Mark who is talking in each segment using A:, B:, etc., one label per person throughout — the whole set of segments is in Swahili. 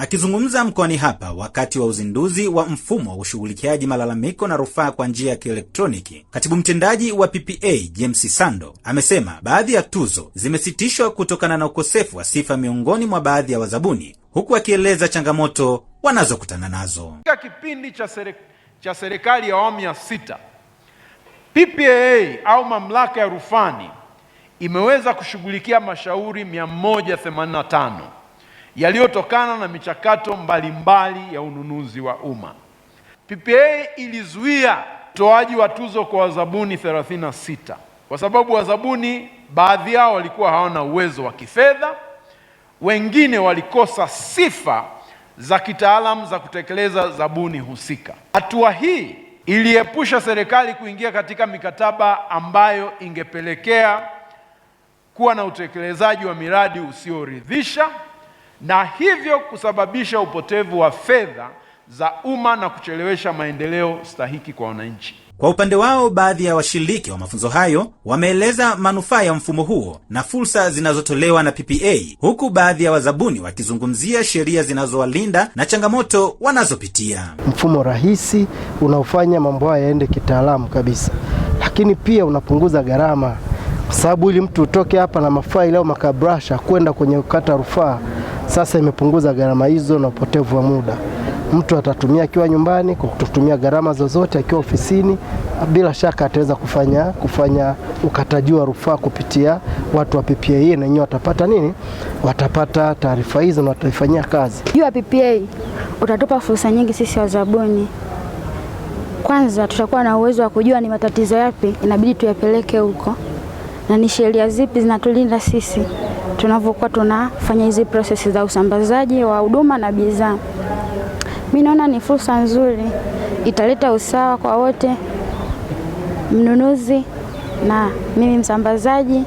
A: Akizungumza mkoani hapa wakati wa uzinduzi wa mfumo wa ushughulikiaji malalamiko na rufaa kwa njia ya kielektroniki, katibu mtendaji wa ppa James Sando amesema baadhi ya tuzo zimesitishwa kutokana na ukosefu wa sifa miongoni mwa baadhi ya wazabuni, huku akieleza changamoto wanazokutana nazo
B: katika kipindi cha serikali ya awamu ya sita. ppa au mamlaka ya rufani imeweza kushughulikia mashauri 185 yaliyotokana na michakato mbalimbali mbali ya ununuzi wa umma. ppa ilizuia utoaji wa tuzo kwa wazabuni 36 kwa sababu wazabuni baadhi yao walikuwa hawana uwezo wa kifedha, wengine walikosa sifa za kitaalamu za kutekeleza zabuni husika. Hatua hii iliepusha serikali kuingia katika mikataba ambayo ingepelekea kuwa na utekelezaji wa miradi usioridhisha na hivyo kusababisha upotevu wa fedha za umma na kuchelewesha maendeleo stahiki kwa wananchi.
A: Kwa upande wao, baadhi ya washiriki wa mafunzo hayo wameeleza manufaa ya mfumo huo na fursa zinazotolewa na PPA, huku baadhi ya wazabuni wakizungumzia sheria zinazowalinda na changamoto wanazopitia.
C: Mfumo rahisi unaofanya mambo hayo yaende kitaalamu kabisa, lakini pia unapunguza gharama, kwa sababu ili mtu utoke hapa na mafaili au makabrasha kwenda kwenye kata rufaa sasa imepunguza gharama hizo na upotevu wa muda. Mtu atatumia akiwa nyumbani kwa kutotumia gharama zozote, akiwa ofisini, bila shaka ataweza kufanya kufanya ukataji wa rufaa kupitia watu wa PPA na wenyewe watapata nini? Watapata taarifa hizo na wataifanyia kazi.
D: Juu ya PPA utatupa fursa nyingi sisi wazabuni. Kwanza tutakuwa na uwezo wa kujua ni matatizo yapi inabidi tuyapeleke huko na ni sheria zipi zinatulinda sisi tunavyokuwa tunafanya hizi prosesi za usambazaji wa huduma na bidhaa. Mimi naona ni fursa nzuri, italeta usawa kwa wote, mnunuzi na mimi msambazaji.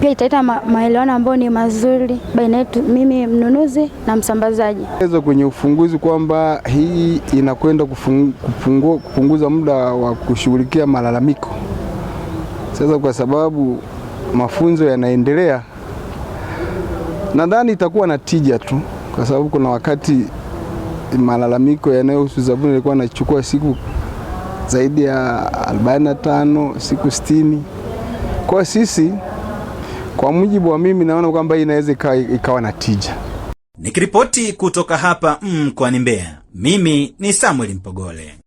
D: Pia italeta ma maelewano ambayo ni mazuri baina yetu mimi mnunuzi na msambazaji.
E: Eza kwenye ufunguzi kwamba hii inakwenda kupunguza muda wa kushughulikia malalamiko sasa kwa sababu mafunzo yanaendelea, nadhani itakuwa na tija tu, kwa sababu kuna wakati malalamiko yanayohusu zabuni yalikuwa yanachukua siku zaidi ya 45 siku 60. Kwa sisi kwa mujibu wa mimi naona kwamba inaweza ikawa na tija. Nikiripoti kutoka hapa mkoani mm, Mbeya, mimi ni Samuel Mpogole.